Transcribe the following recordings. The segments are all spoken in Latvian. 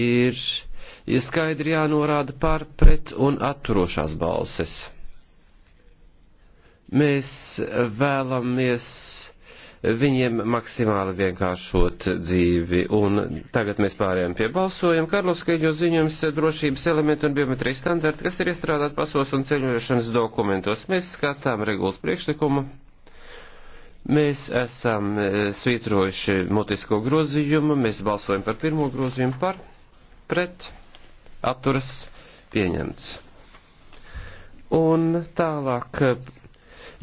ir ja skaidri jānorāda par pret un atturošās balses. Mēs vēlamies viņiem maksimāli vienkāršot dzīvi. Un tagad mēs pārējām pie balsojuma. Karlos Keļo ziņojums drošības elementi un biometrijas standarti, kas ir iestrādāti pasos un ceļošanas dokumentos. Mēs skatām regulas priekšlikumu. Mēs esam eh, svītrojuši mutisko grozījumu, mēs balsojam par pirmo grozījumu par pret atturas pieņemts. Un tālāk eh,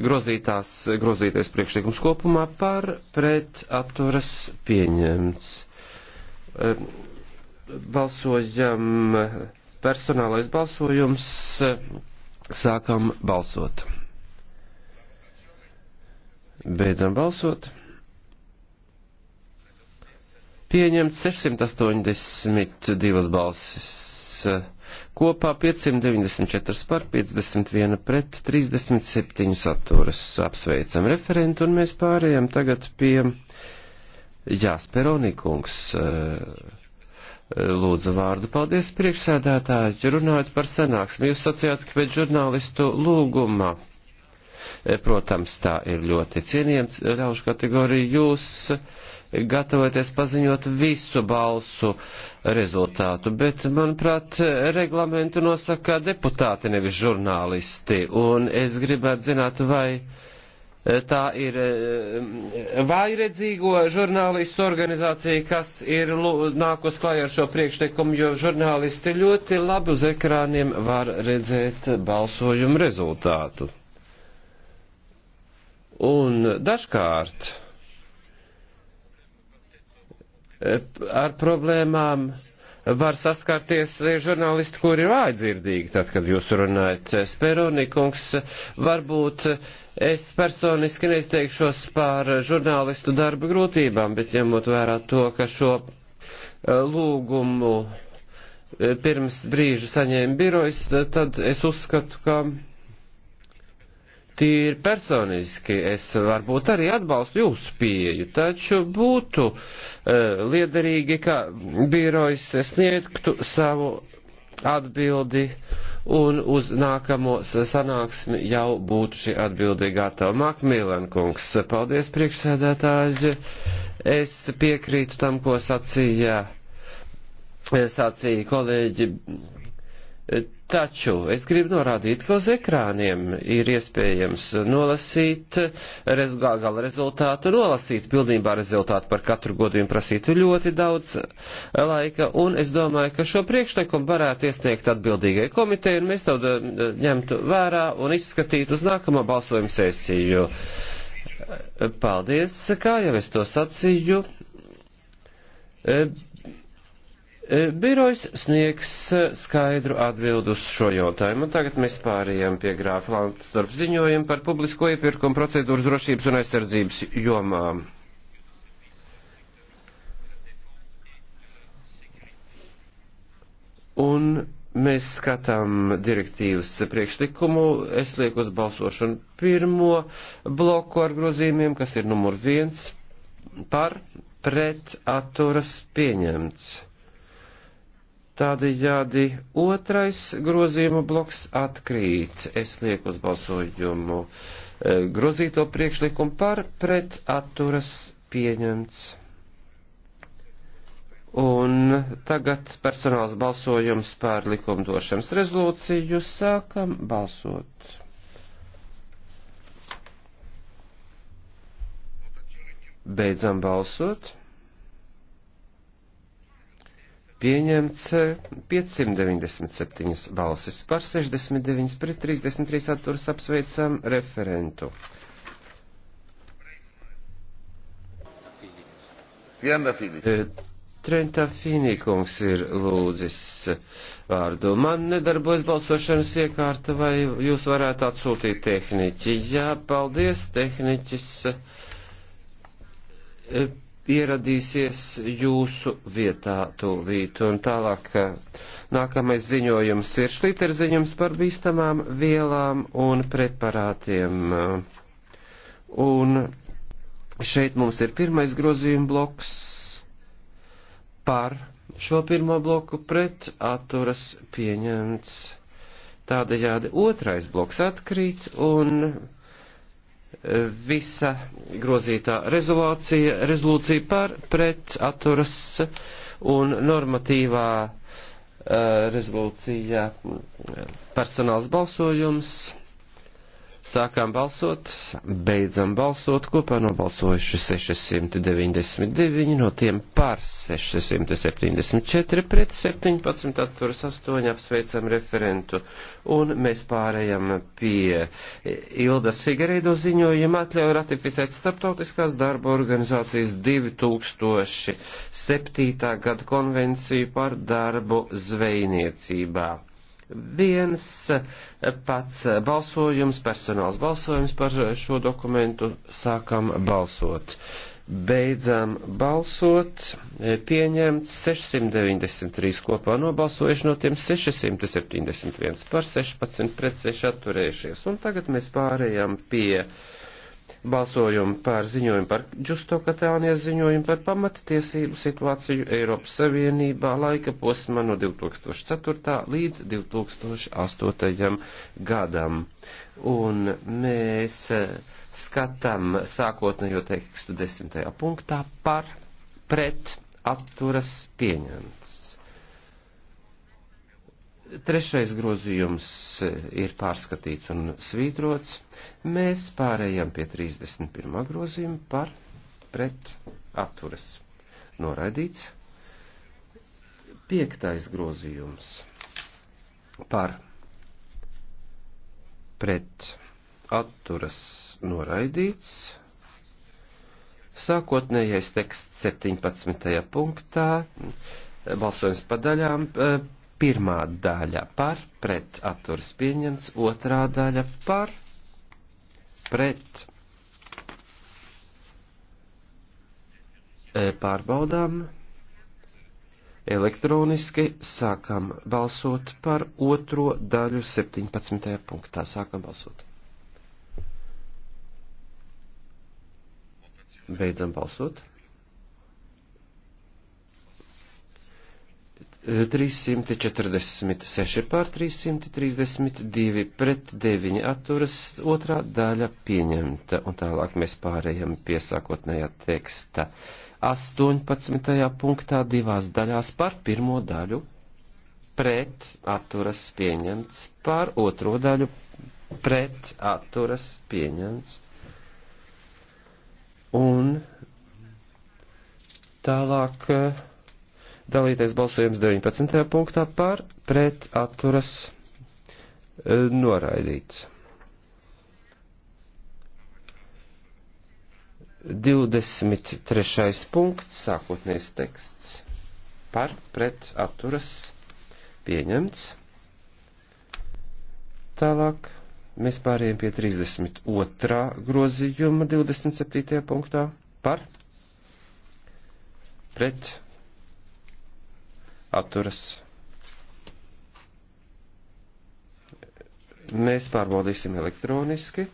grozītās, grozītais priekšlikums kopumā par pret atturas pieņemts. Eh, balsojam personālais balsojums, eh, sākam balsot. Beidzam balsot pieņemts 682 balsis kopā 594 par 51 pret 37 saturas. Apsveicam referentu un mēs pārējām tagad pie Jāsperonikungs. Lūdzu vārdu, paldies priekšsēdētāji, runājot par sanāksmi, jūs sacījāt, ka pēc žurnālistu lūguma. E, protams, tā ir ļoti cienījams e, ļaužu kategorija. Jūs uh, gatavoties paziņot visu balsu rezultātu, bet, manuprāt, reglamentu nosaka deputāti, nevis žurnālisti, un es gribētu zināt, vai eh, tā ir eh, vājredzīgo žurnālistu organizācija, kas ir nākos klājā ar šo priekšteikumu, jo žurnālisti ļoti labi uz ekrāniem var redzēt balsojumu rezultātu. Un dažkārt ar problēmām var saskarties žurnālisti, kuri ir vājdzirdīgi, tad, kad jūs runājat. Speronikungs, varbūt es personiski neizteikšos par žurnālistu darba grūtībām, bet ņemot vērā to, ka šo e, lūgumu e, pirms brīža saņēma birojas, tad es uzskatu, ka Tīri personiski es varbūt arī atbalstu jūsu pieeju, taču būtu uh, liederīgi, ka birojs sniegtu savu atbildi un uz nākamo sanāksmi jau būtu šī atbildi gatava. Makmīlan kungs, paldies priekšsēdētāji, es piekrītu tam, ko sacīja, sacīja kolēģi Taču es gribu norādīt, ka uz ekrāniem ir iespējams nolasīt rez, gala rezultātu, nolasīt pilnībā rezultātu par katru godījumu prasītu ļoti daudz eh, laika, un es domāju, ka šo priekšlikumu varētu iesniegt atbildīgai komitei, un mēs to eh, ņemtu vērā un izskatītu uz nākamo balsojumu sesiju. Eh, paldies, kā jau es to sacīju. E, E, birojs sniegs e, skaidru atbildu uz šo jautājumu. Tagad mēs pārējām pie grāfa Lantsdorp ziņojumu par publisko iepirkumu procedūras drošības un aizsardzības jomām. Un mēs skatām direktīvas priekšlikumu. Es lieku uz balsošanu pirmo bloku ar grozījumiem, kas ir numur viens par pret atturas pieņemts. Tādējādi otrais grozījuma bloks atkrīt. Es lieku uz balsojumu e, grozīto priekšlikumu par pret atturas pieņemts. Un tagad personāls balsojums par likumdošanas rezolūciju. Sākam balsot. Beidzam balsot pieņemts 597 eh, balsis par 69 pret 33 atturas apsveicam referentu. Eh, Trenta Fīnīkungs ir lūdzis vārdu. Man nedarbojas balsošanas iekārta, vai jūs varētu atsūtīt tehniķi? Jā, paldies, tehniķis eh, ieradīsies jūsu vietā tūlīt. Un tālāk nākamais ziņojums ir šlīter ziņojums par bīstamām vielām un preparātiem. Un šeit mums ir pirmais grozījuma bloks par šo pirmo bloku pret atturas pieņemts. Tādējādi otrais bloks atkrīt un visa grozītā rezolūcija, rezolūcija par pret atturas un normatīvā eh, rezolūcija personāls balsojums. Sākām balsot, beidzam balsot, kopā nobalsojuši 699, no tiem par 674 pret 17 atturas 8 apsveicam referentu. Un mēs pārējam pie Ildas Figareido ziņojuma atļauju ratificēt Startautiskās darba organizācijas 2007. gada konvenciju par darbu zvejniecībā viens pats balsojums, personāls balsojums par šo dokumentu. Sākam balsot. Beidzam balsot. Pieņemts 693 kopā nobalsojuši, no tiem 671 par 16 pret 6 atturējušies. Un tagad mēs pārējām pie balsojumu par ziņojumu par Džusto Katānijas ziņojumu par pamattiesību situāciju Eiropas Savienībā laika posmā no 2004. līdz 2008. gadam. Un mēs e, skatām sākotnējo tekstu desmitajā punktā par pret apturas pieņemts. Trešais grozījums e, ir pārskatīts un svītrots. Mēs pārējām pie 31. grozījuma par pret atturas. Noraidīts. Piektais grozījums par pret atturas noraidīts. Sākotnējais teksts 17. punktā, balsojums pa daļām, e, Pirmā daļa par pret atturs pieņemts, otrā daļa par pret. E, pārbaudām elektroniski, sākam balsot par otro daļu 17. punktā. Sākam balsot. Beidzam balsot. 346 pār 332 pret 9 atturas otrā daļa pieņemta, un tālāk mēs pārējām piesākotnējā teksta 18. punktā divās daļās par pirmo daļu pret atturas pieņemts, par otro daļu pret atturas pieņemts, un tālāk Dalītais balsojums 19. punktā par pret atturas e, noraidīts. 23. punkts, sākotnējs teksts. Par pret atturas pieņemts. Tālāk mēs pārējām pie 32. grozījuma 27. punktā par pret atturas. Mēs pārbaudīsim elektroniski.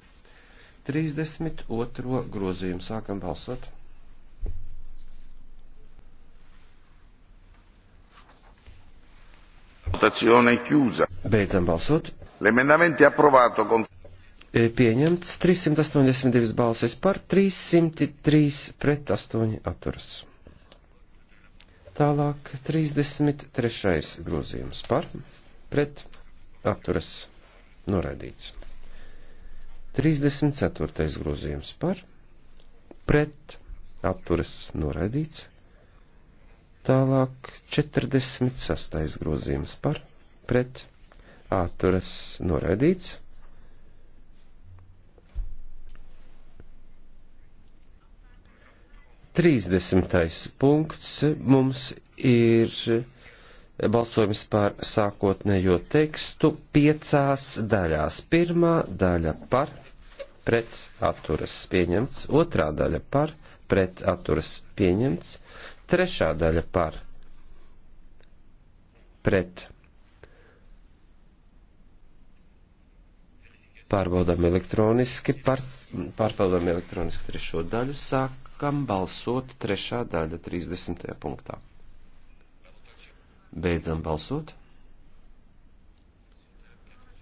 32. grozījumu sākam balsot. Votazione chiusa. Beidzam balsot. L'emendamento è approvato con e Pieņemts 382 balsis par 303 pret 8 atturas. Tālāk 33. grozījums par pret atturas noraidīts. 34. grozījums par pret atturas noraidīts. Tālāk 46. grozījums par pret atturas noraidīts. 30. punkts mums ir balsojums par sākotnējo tekstu piecās daļās. Pirmā daļa par pret atturas pieņemts, otrā daļa par pret atturas pieņemts, trešā daļa par pret. Pārbaudām elektroniski, pār, pārbaudām elektroniski trešo daļu, sāk Sākam balsot trešā daļa 30. punktā. Beidzam balsot.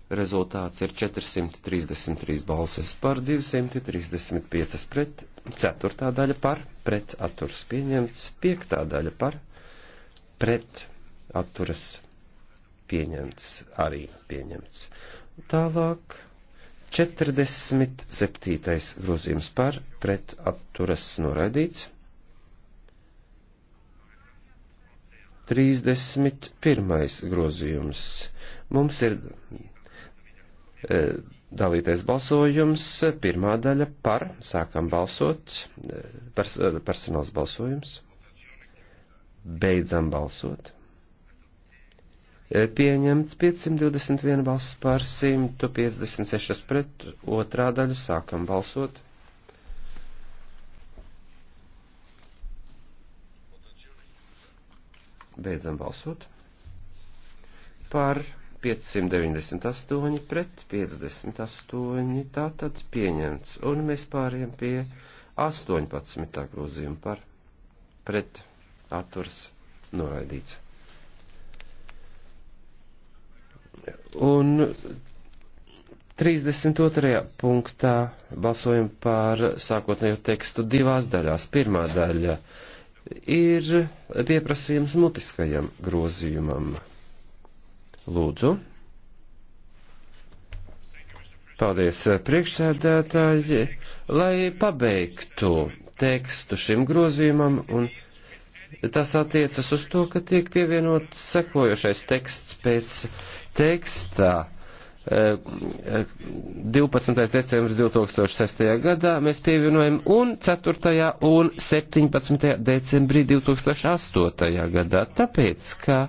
Rezultāts ir 433 balses par 235 pret, 4. daļa par, pret atturs pieņemts, 5. daļa par, pret atturas pieņemts, arī pieņemts. Tālāk 47. grozījums par pret atturas noraidīts. 31. grozījums. Mums ir e, dalītais balsojums, pirmā daļa par, sākam balsot, e, pers, personāls balsojums, beidzam balsot. E, pieņemts 521 balss par 156 pret, otrā daļa sākam balsot. Beidzam balsot. Par 598 pret 58 tātad pieņemts, un mēs pāriem pie 18. grozījuma par pret atturs noraidīts. Un 32. punktā balsojam par sākotnējo tekstu divās daļās. Pirmā daļa ir pieprasījums mutiskajam grozījumam. Lūdzu. Paldies, priekšsēdētāji, lai pabeigtu tekstu šim grozījumam un tas attiecas uz to, ka tiek pievienots sekojošais teksts pēc tekstā. 12. E, e, decembris 2006. gadā mēs pievienojam un 4. un 17. decembrī 2008. gadā, tāpēc, ka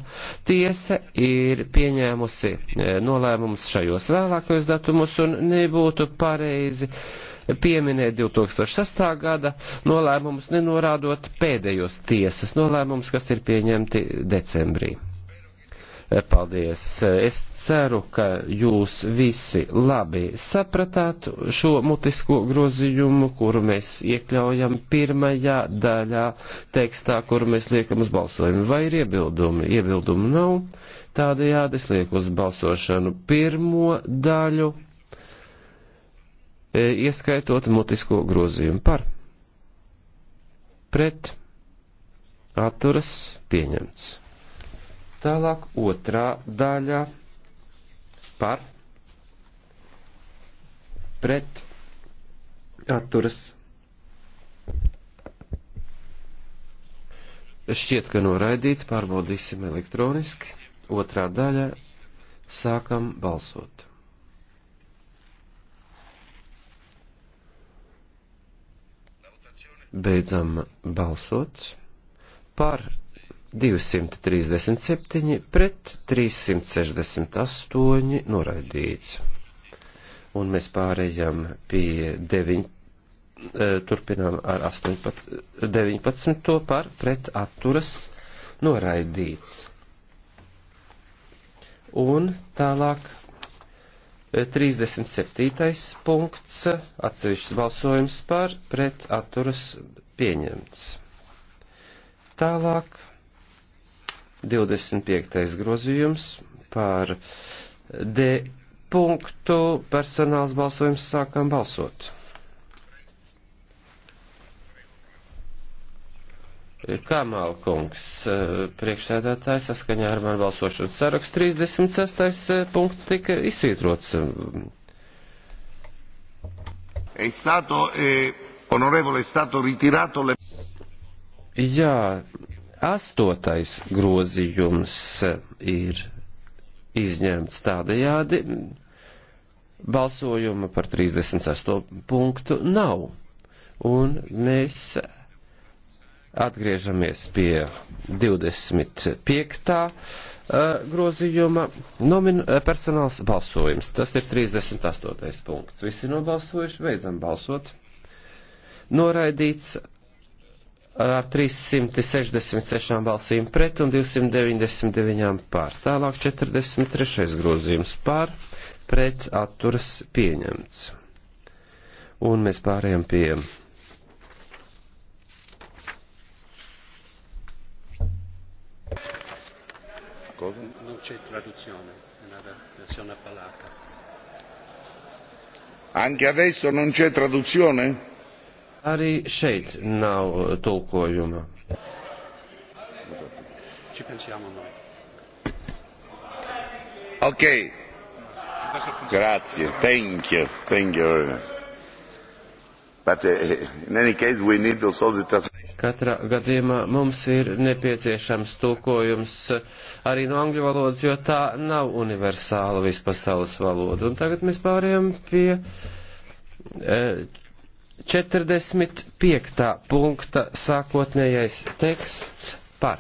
tiesa ir pieņēmusi e, nolēmumus šajos vēlākajos datumus un nebūtu pareizi uh, pieminēt 2006. gada nolēmumus, nenorādot pēdējos tiesas nolēmumus, kas ir pieņemti decembrī. Paldies! Es ceru, ka jūs visi labi sapratāt šo mutisko grozījumu, kuru mēs iekļaujam pirmajā daļā tekstā, kuru mēs liekam uz balsojumu. Vai ir iebildumi? Iebildumu nav. Tādējādi es lieku uz balsošanu pirmo daļu. E, ieskaitot mutisko grozījumu par. Pret atturas pieņemts. Tālāk otrā daļa par. Pret atturas. Šķiet, ka noraidīts, pārbaudīsim elektroniski. Otrā daļa sākam balsot. Beidzam balsot par 237 pret 368 noraidīts. Un mēs pārējām pie 9, eh, turpinām ar 18, 19 eh, par pret atturas noraidīts. Un tālāk 37. punkts, atsevišķs balsojums par pret atturas pieņemts. Tālāk 25. grozījums par D punktu personāls balsojums sākam balsot. Kamāla kungs, eh, priekšsēdētājs saskaņā ar manu balsošanu sarakstu 36. Eh, punkts tika izsvītrots. È stato, eh, onorevole, è stato ritirato le... Jā, astotais grozījums eh, ir izņemts tādējādi. Balsojuma par 36. punktu nav. Un mēs Atgriežamies pie 25. Eh, grozījuma nomin eh, personāls balsojums. Tas ir 38. punkts. Visi nobalsojuši, beidzam balsot. Noraidīts eh, ar 366 balsīm pret un 299 pār. Tālāk 43. grozījums pār, pret atturas pieņemts. Un mēs pārējām pie Cosa? Non c'è traduzione, è una versione polacca. Anche adesso non c'è traduzione? Arī šeit nav tulkojuma. Ci pensiamo noi. Ok. Grazie. Thank you. Thank you very much. But uh, in any case we need also the translation. Katrā gadījumā mums ir nepieciešams tulkojums arī no angļu valodas, jo tā nav universāla vispasaules valoda. Un tagad mēs pārējām pie. E, 45. punkta sākotnējais teksts par.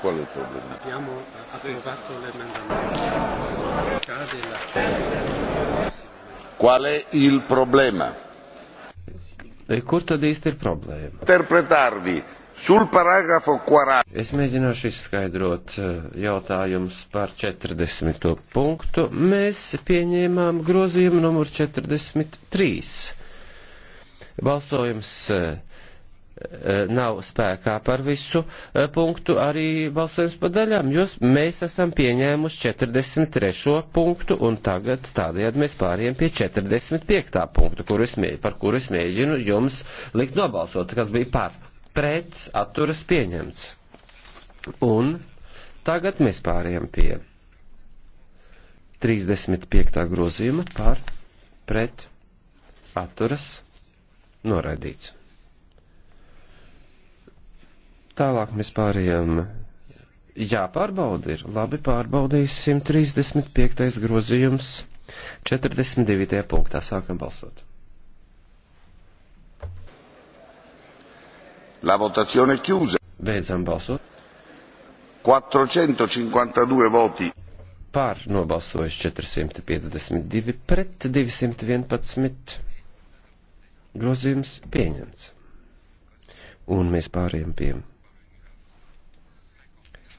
Qual è il problema? Abbiamo approvato l'emendamento. Qual è il problema? E kur tad īsti ir problēma? Interpretarvi sul paragrafo 40. Es mēģināšu izskaidrot eh, jautājumus par 40. punktu. Mēs pieņēmām grozījumu numur 43. Balsojums eh, Eh, nav spēkā par visu eh, punktu arī balsojums pa daļām, jo mēs esam pieņēmuši 43. punktu un tagad tādējādi mēs pāriem pie 45. punktu, kuru es, mēģinu, par kuru es mēģinu jums likt nobalsot, kas bija par pret atturas pieņemts. Un tagad mēs pāriem pie 35. grozījuma par pret atturas noraidīts. Tālāk mēs pārējām. Jā, pārbauda ir. Labi, pārbaudīsim 35. grozījums 42. punktā. Sākam balsot. La votazione è chiusa. Beidzam balsot. 452 voti. Pār nobalsojuši 452 pret 211. Grozījums pieņemts. Un mēs pāriem pie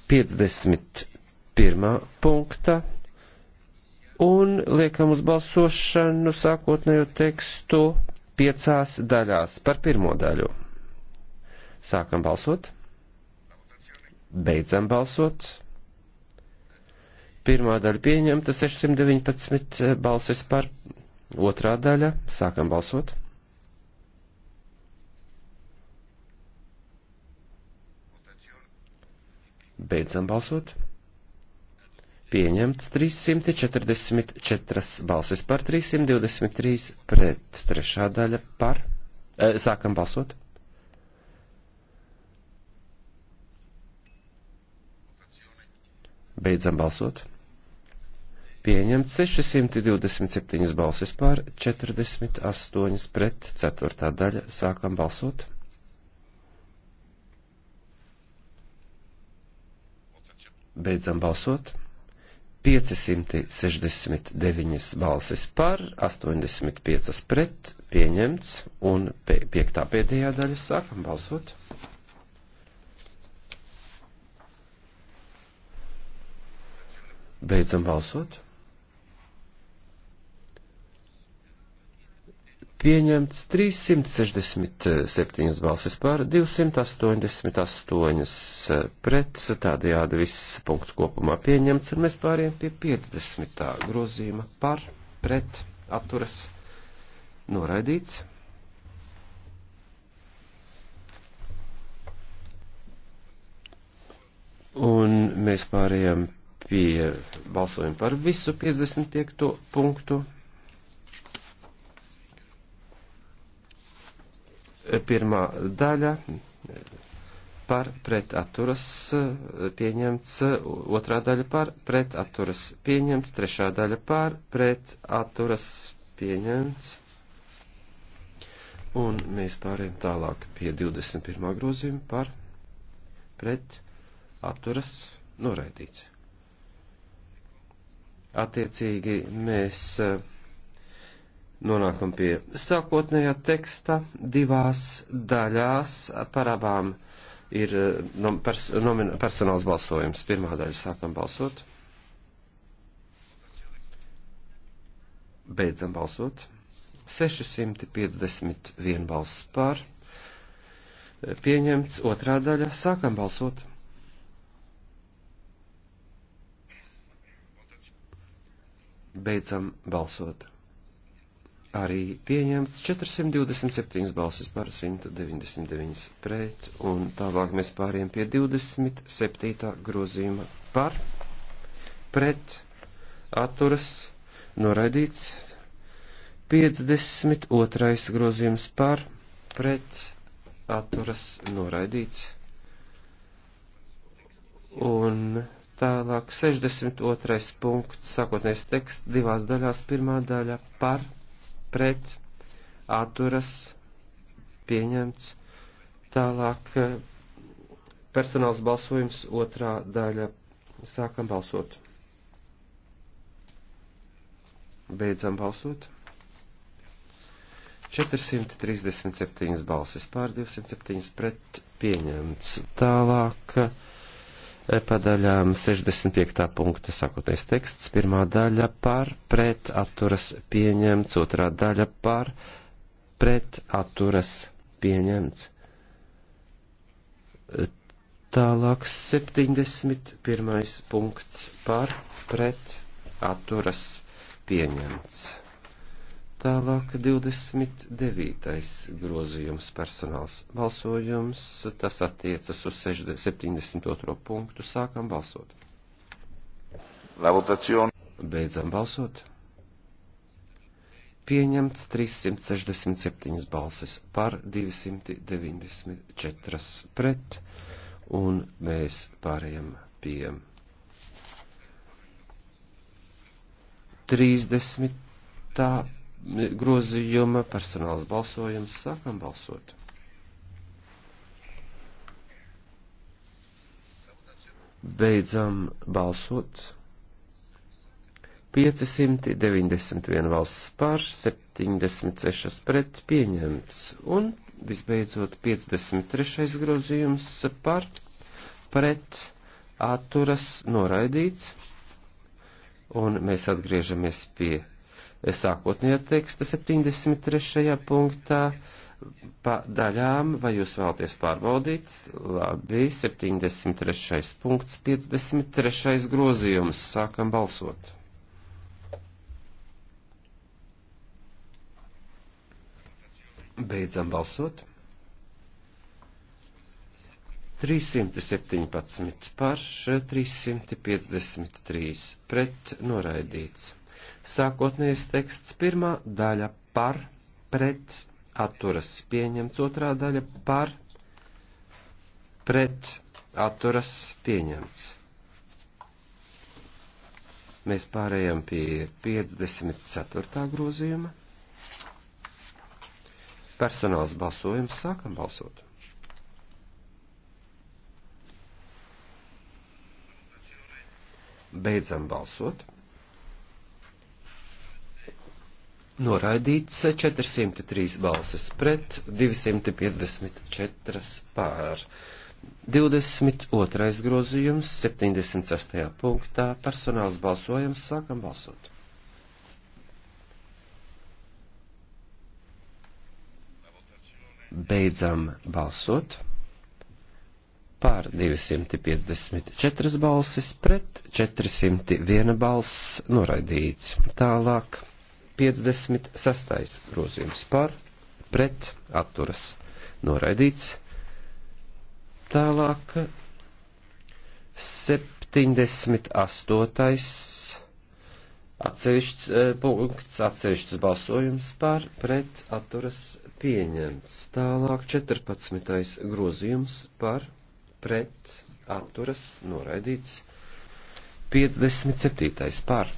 51. punkta un liekam uz balsošanu sākotnējo tekstu piecās daļās par pirmo daļu. Sākam balsot, beidzam balsot. Pirmā daļa pieņemta 619 balsis par, otrā daļa sākam balsot, Beidzam balsot. Pieņemts 344 balsis par 323 pret trešā daļa par. E, sākam balsot. Beidzam balsot. Pieņemt 627 balsis pār 48 pret 4. daļa. Sākam balsot. Beidzam balsot. 569 balsis par, 85 pret, pieņemts, un piektā pēdējā daļa sākam balsot. Beidzam balsot. pieņemts 367 balsis par, 288 eh, pret, tādējādi viss punkts kopumā pieņemts, un mēs pāriem pie 50. grozījuma par, pret, atturas, noraidīts. Un mēs pārējām pie balsojuma par visu 55. punktu. Pirmā daļa par pretaturas e, pieņemts, otrā daļa par pretaturas pieņemts, trešā daļa par pretaturas pieņemts. Un mēs pārējām tālāk pie 21. grozījuma par pretaturas noraidīts. Attiecīgi mēs e, Nonākam pie sākotnējā teksta divās daļās par abām ir eh, nom, pers, nomin, personāls balsojums. Pirmā daļa sākam balsot. Beidzam balsot. 651 balss pār. Pieņemts otrā daļa. Sākam balsot. Beidzam balsot arī pieņemts 427 balsis par 199 pret, un tālāk mēs pāriem pie 27. grozījuma par, pret, atturas, noraidīts, 52. grozījums par, pret, atturas, noraidīts, un tālāk 62. punkts, sākotnēs teksts divās daļās, pirmā daļa par, pret, pret atturas pieņemts. Tālāk eh, personāls balsojums otrā daļa. Sākam balsot. Beidzam balsot. 437 balsis pār 207 pret pieņemts. Tālāk. E, padaļām 65. punkta sakotnēs teksts, pirmā daļa par pret atturas pieņemts, otrā daļa par pret atturas pieņemts. E, tālāk 71. punkts par pret atturas pieņemts. Tālāk 29. grozījums personāls balsojums, tas attiecas uz 72. punktu, sākam balsot. La votazione. Beidzam balsot. Pieņemts 367 balsis par 294 pret, un mēs pārējām pie 30 grozījuma personāls balsojums. Sākam balsot. Beidzam balsot. 591 valsts par, 76 pret pieņemts un visbeidzot 53. grozījums par, pret, atturas noraidīts. Un mēs atgriežamies pie sākotnējā teksta 73. punktā pa daļām, vai jūs vēlaties pārbaudīt? Labi, 73. punkts, 53. grozījums, sākam balsot. Beidzam balsot. 317 par 353 pret noraidīts. Sākotnējais teksts pirmā daļa par pret atturas pieņemts, otrā daļa par pret atturas pieņemts. Mēs pārējām pie 54. grozījuma. Personāls balsojums sākam balsot. Beidzam balsot. Noraidīts 403 balsis pret, 254 pār. 22. grozījums 76. punktā personāls balsojums sākam balsot. Beidzam balsot par 254 balsis pret 401 balss noraidīts. Tālāk 56. grozījums par, pret, atturas, noraidīts. Tālāk 78. atsevišķs eh, punkts, atsevišķs balsojums par, pret, atturas, pieņemts. Tālāk 14. grozījums par, pret, atturas, noraidīts. 57. par,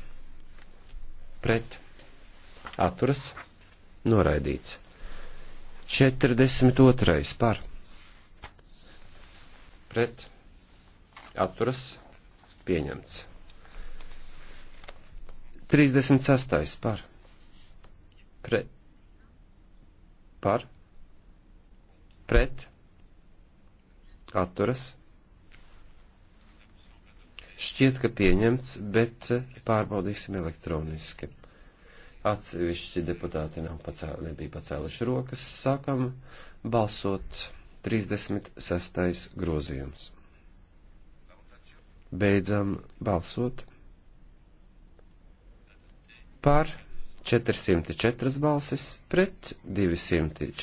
pret, atturas noraidīts. 42. par pret atturas pieņemts. 36. par pret par pret atturas šķiet, ka pieņemts, bet pārbaudīsim elektroniski. Atsevišķi deputāti nav pacēli, nebija pacēluši rokas. Sākam balsot 36. grozījums. Beidzam balsot par 404 balsis pret 244,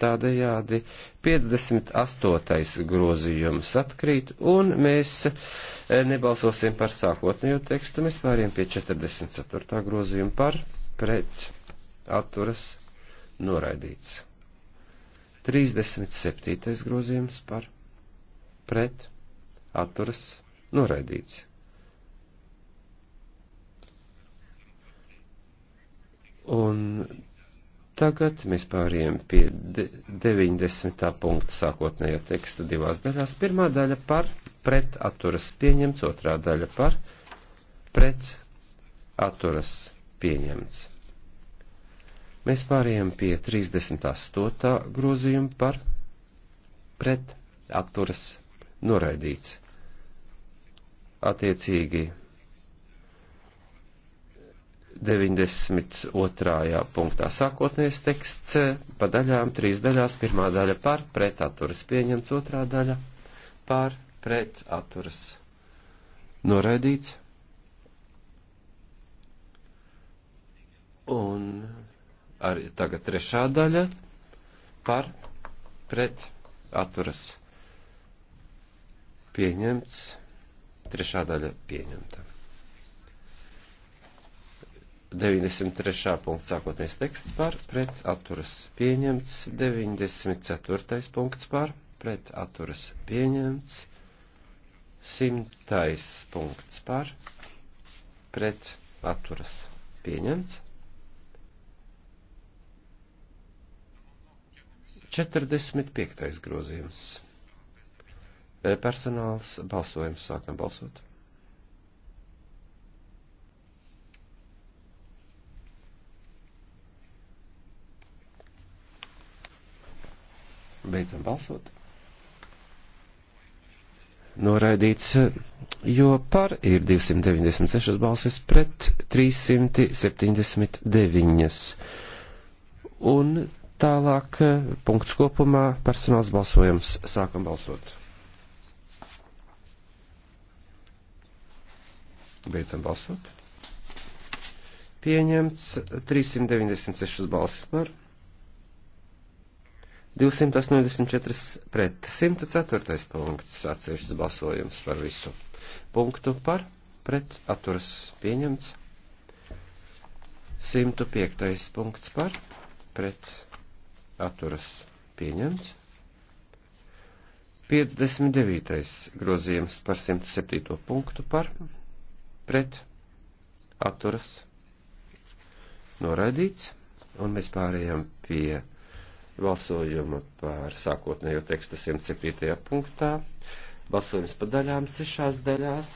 tādējādi 58. grozījums atkrīt, un mēs eh, nebalsosim par sākotnējo tekstu, mēs pāriem pie 44. grozījuma par pret atturas noraidīts. 37. grozījums par pret atturas noraidīts. Tagad mēs pāriem pie 90. punkta sākotnējā teksta divās daļās. Pirmā daļa par pret atturas pieņemts, otrā daļa par pret atturas pieņemts. Mēs pāriem pie 38. grozījuma par pret atturas noraidīts. Attiecīgi 92. punktā sākotnējais teksts pa daļām, trīs daļās, pirmā daļa par pretaturas pieņemts, otrā daļa par pretaturas noraidīts. Un arī tagad trešā daļa par pretaturas pieņemts, trešā daļa pieņemta. 93. punkts sākotnēs teksts par pret atturas pieņemts, 94. punkts par pret atturas pieņemts, 100. punkts par pret atturas pieņemts, 45. grozījums. Personāls balsojums sākam balsot. Beidzam balsot. Noraidīts, jo par ir 296 balsis pret 379. Un tālāk punkts kopumā personāls balsojums. Sākam balsot. Beidzam balsot. Pieņemts 396 balsis par 284 pret 104. punkts atsevišķas balsojums par visu punktu par pret atturas pieņemts. 105. punkts par pret atturas pieņemts. 59. grozījums par 107. punktu par pret atturas noraidīts, un mēs pārējām pie balsojumu par sākotnējo tekstu 107. punktā. Balsojums pa daļām sešās daļās.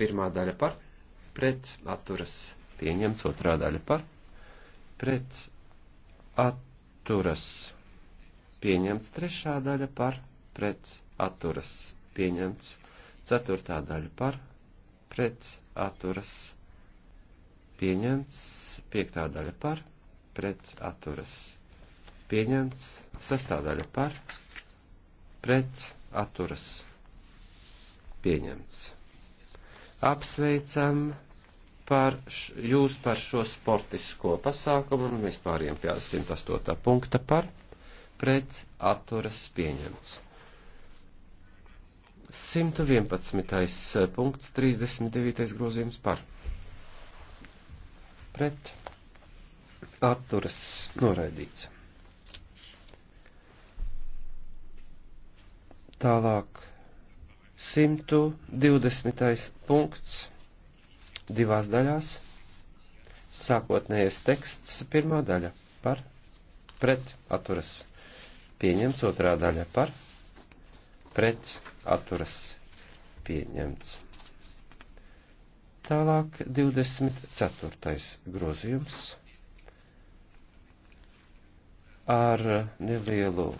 Pirmā daļa par, pret, atturas, pieņemts. Otrā daļa par, pret, atturas, pieņemts. Trešā daļa par, pret, atturas, pieņemts. Ceturtā daļa par, pret, atturas, pieņemts. Pieņemts. Piektā daļa par, pret, atturas, pieņemts pieņemts sastāvdaļa par, pret, atturas, pieņemts. Apsveicam par š, jūs par šo sportisko pasākumu, un mēs pāriem pie 108. punkta par, pret, atturas, pieņemts. 111. Eh, punkts, 39. grozījums par, pret, atturas, noraidīts. Tālāk 120. punkts divās daļās. Sākotnējais teksts pirmā daļa par pret atturas. Pieņemts otrā daļa par pret atturas. Pieņemts. Tālāk 24. grozījums ar nelielu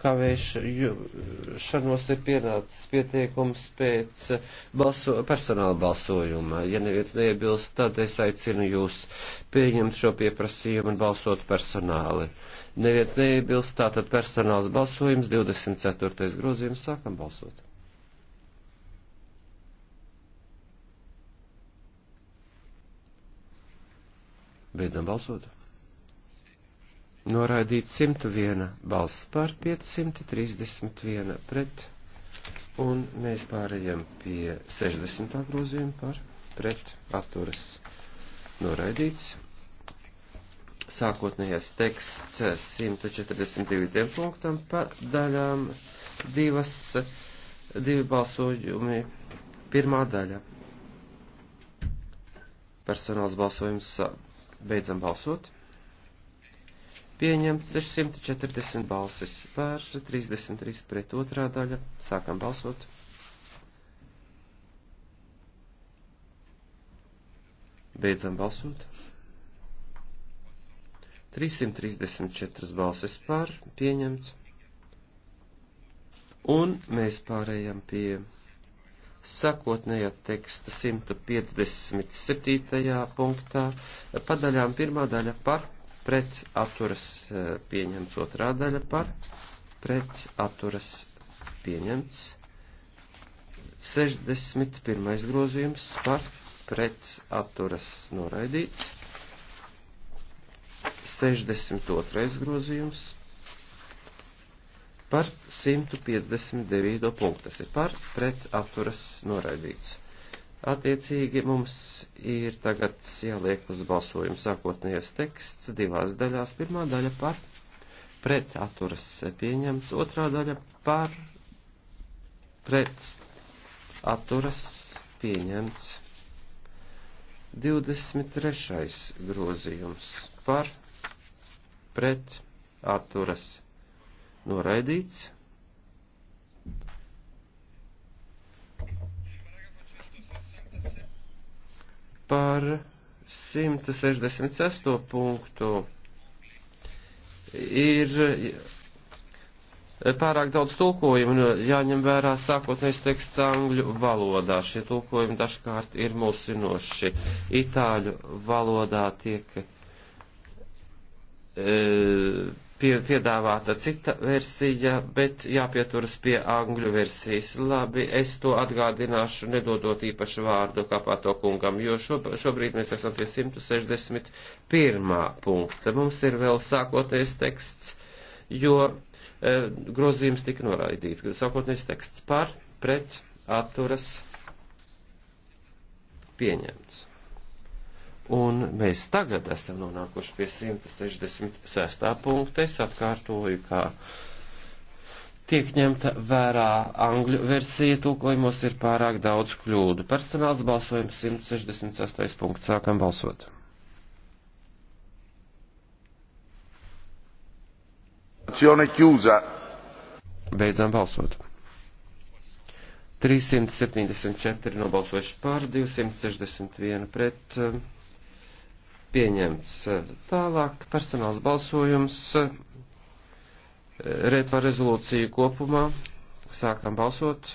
kavēšanos ir pienācis pieteikums pēc balso, personāla balsojuma. Ja neviens neiebilst, tad es aicinu jūs pieņemt šo pieprasījumu un balsot personāli. Neviens neiebilst, tātad personāls balsojums 24. grozījums sākam balsot. Beidzam balsot noraidīts 101 balss par 531 pret, un mēs pārējām pie 60. grozījuma par pret atturas noraidīts. Sākotnējais teksts 142 punktam pa daļām divas, divi balsojumi. Pirmā daļa. Personāls balsojums beidzam balsot. Pieņemts 640 balsis par 33 pret otrā daļa. Sākam balsot. Beidzam balsot. 334 balsis par pieņemts. Un mēs pārējām pie sakotnējā teksta 157. punktā padaļām pirmā daļa par pret atturas eh, pieņemts otrā daļa par, pret atturas pieņemts 61. grozījums par, pret atturas noraidīts 62. grozījums par 159. punktu. Tas ir par, pret atturas noraidīts. Attiecīgi mums ir tagad jāliek uz balsojumu sākotnējais teksts divās daļās. Pirmā daļa par pret atturas pieņems, otrā daļa par pret atturas pieņemts. 23. grozījums par pret atturas noraidīts. par 166. punktu ir pārāk daudz tulkojumu, un jāņem vērā sākotnējs teksts angļu valodā. Šie tulkojumi dažkārt ir mulsinoši. Itāļu valodā tiek. E, pie, piedāvāta cita versija, bet jāpieturas pie angļu versijas. Labi, es to atgādināšu, nedodot īpašu vārdu kapāto kungam, jo šo, šobrīd mēs esam pie 161. punkta. Mums ir vēl sākotnējs teksts, jo e, grozījums tika noraidīts. Sākotnējs teksts par, pret, atturas, pieņemts. Un mēs tagad esam nonākuši pie 166. punkta. Es atkārtoju, ka tiek ņemta vērā angļu versija, tulkojumos ir pārāk daudz kļūdu. Personāls balsojums 166. punkts. Sākam balsot. Beidzam balsot. 374 nobalsojuši pār, 261 pret pieņemts. Tālāk personāls balsojums rēt par rezolūciju kopumā. Sākam balsot.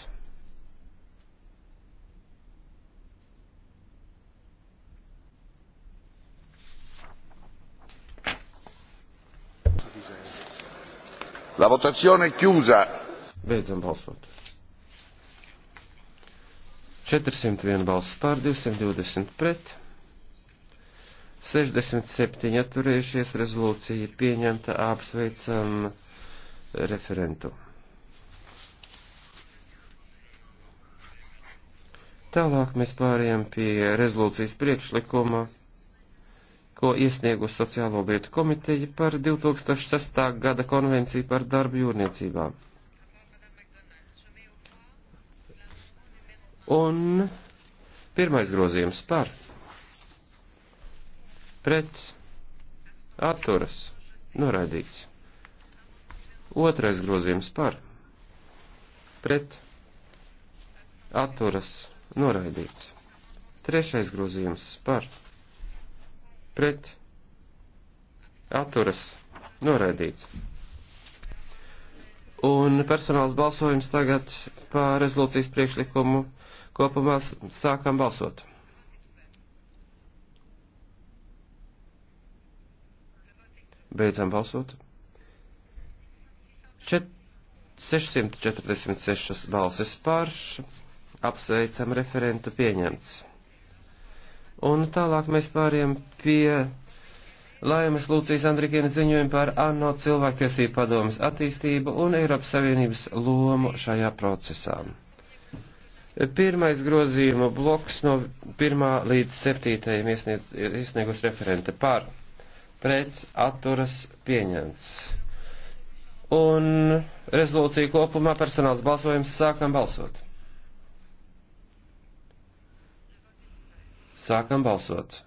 La votazione è chiusa. Beidzam balsot. 401 balss pār, 220 pret. 67 atturējušies, rezolūcija ir pieņemta, apsveicam referentu. Tālāk mēs pārējām pie rezolūcijas priekšlikuma, ko iesniegus Sociālo lietu komiteja par 2006. gada konvenciju par darbu jūrniecībā. Un pirmais grozījums par pret, atturas, noraidīts. Otrais grozījums par, pret, atturas, noraidīts. Trešais grozījums par, pret, atturas, noraidīts. Un personāls balsojums tagad par rezolūcijas priekšlikumu kopumā sākam balsot. Beidzam balsot. Čet 646 balses par, apsveicam referentu pieņemts. Un tālāk mēs pāriem pie Laimas Lūcijas Andrikienas ziņojuma par ANO cilvēktiesību padomas attīstību un Eiropas Savienības lomu šajā procesā. Pirmais grozījuma bloks no 1 līdz 7 iesniegus referente par pret atturas pieņemts. Un rezolūcija kopumā personāls balsojums sākam balsot. Sākam balsot.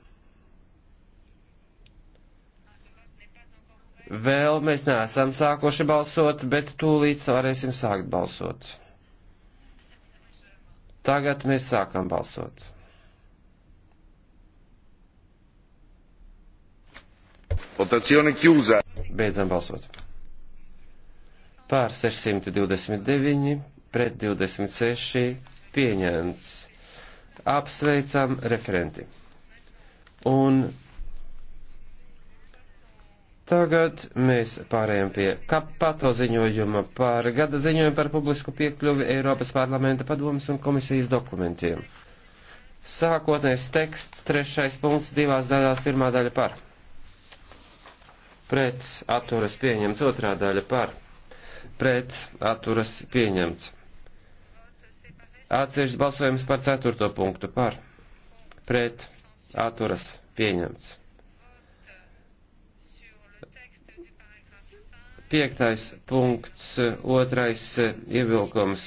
Vēl mēs neesam sākoši balsot, bet tūlīt varēsim sākt balsot. Tagad mēs sākam balsot. Votazione chiusa. Beidzam balsot. Pār 629 pret 26 pieņemts. Apsveicam referenti. Un Tagad mēs pārējām pie kapato ziņojuma par gada ziņojumu par publisku piekļuvi Eiropas parlamenta padomas un komisijas dokumentiem. Sākotnējs teksts, trešais punkts, divās daļās, pirmā daļa par pret atturas pieņemts, otrā daļa par pret atturas pieņemts. Atsevišķi balsojums par ceturto punktu par pret atturas pieņemts. Piektais punkts, otrais ievilkums,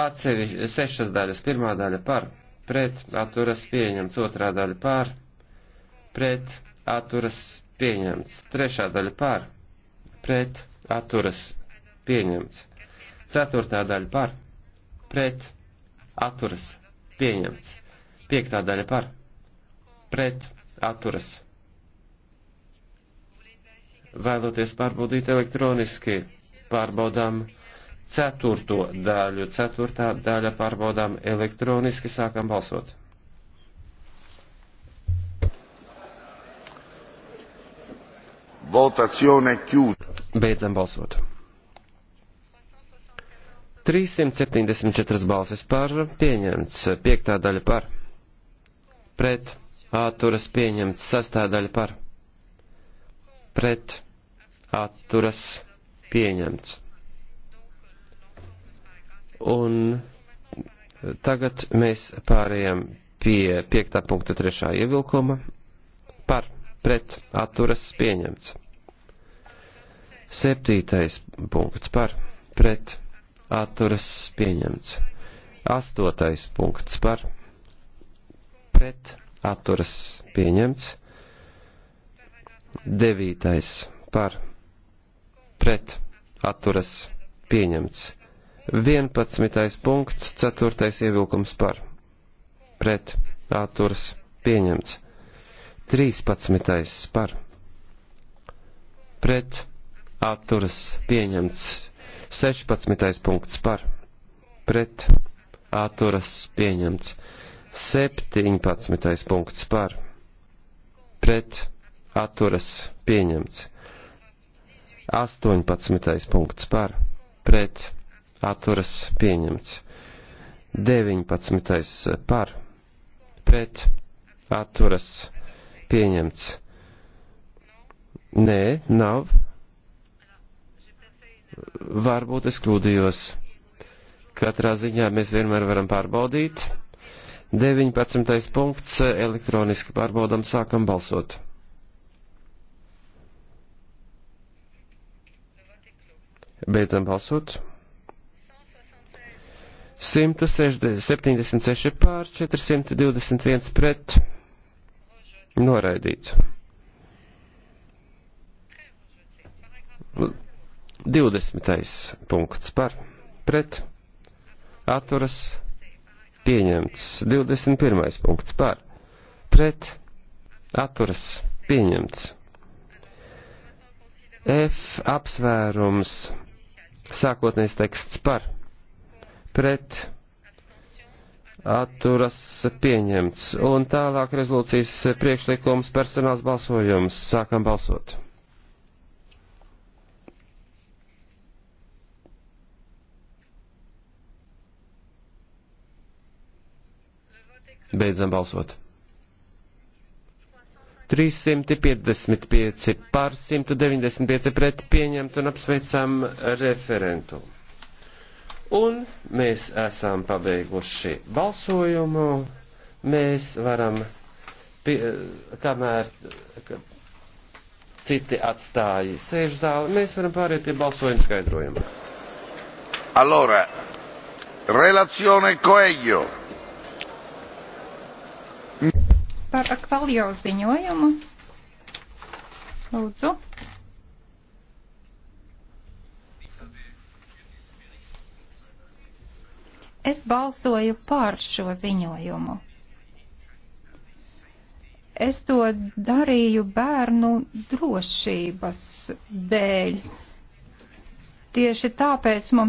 atsevišķi sešas daļas, pirmā daļa par pret atturas pieņemts, otrā daļa par pret atturas pieņemts pieņemts. Trešā daļa par, pret, atturas, pieņemts. Ceturtā daļa par, pret, atturas, pieņemts. Piektā daļa par, pret, atturas. Vēloties pārbaudīt elektroniski, pārbaudām ceturto daļu, ceturtā daļa pārbaudām elektroniski, sākam balsot. Votazione chiusa. Beidzam balsot. 374 balsis par pieņemts, 5. daļa par, pret, atturas pieņemts, 6. daļa par, pret, atturas pieņemts. Un tagad mēs pārējām pie 5. punkta 3. ievilkuma par, pret, atturas pieņemts. Septītais punkts par pret atturas pieņemts. Astotais punkts par pret atturas pieņemts. Devītais par pret atturas pieņemts. Vienpadsmitais punkts, ceturtais ievilkums par pret atturas pieņemts. Trīspadsmitais par pret atturas pieņemts atturas pieņemts 16. punkts par pret atturas pieņemts 17. punkts par pret atturas pieņemts 18. punkts par pret atturas pieņemts 19. par pret atturas pieņemts Nē, nav Varbūt es kļūdījos. Katrā ziņā mēs vienmēr varam pārbaudīt. 19. punkts elektroniski pārbaudam, sākam balsot. Beidzam balsot. 176 pār 421 pret noraidīts. 20. punkts par pret atturas pieņemts. 21. punkts par pret atturas pieņemts. F apsvērums sākotnējs teksts par pret atturas pieņemts un tālāk rezolūcijas priekšlikums personāls balsojums sākam balsot. Beidzam balsot. 355 pār 195 pret pieņemt un apsveicam referentu. Un mēs esam pabeiguši balsojumu. Mēs varam, pie, kamēr citi atstāja sēžu zāli, mēs varam pāriet pie balsojuma skaidrojuma. Allora, relazione Coelho. par akvaljo ziņojumu. Lūdzu. Es balsoju par šo ziņojumu. Es to darīju bērnu drošības dēļ. Tieši tāpēc mums.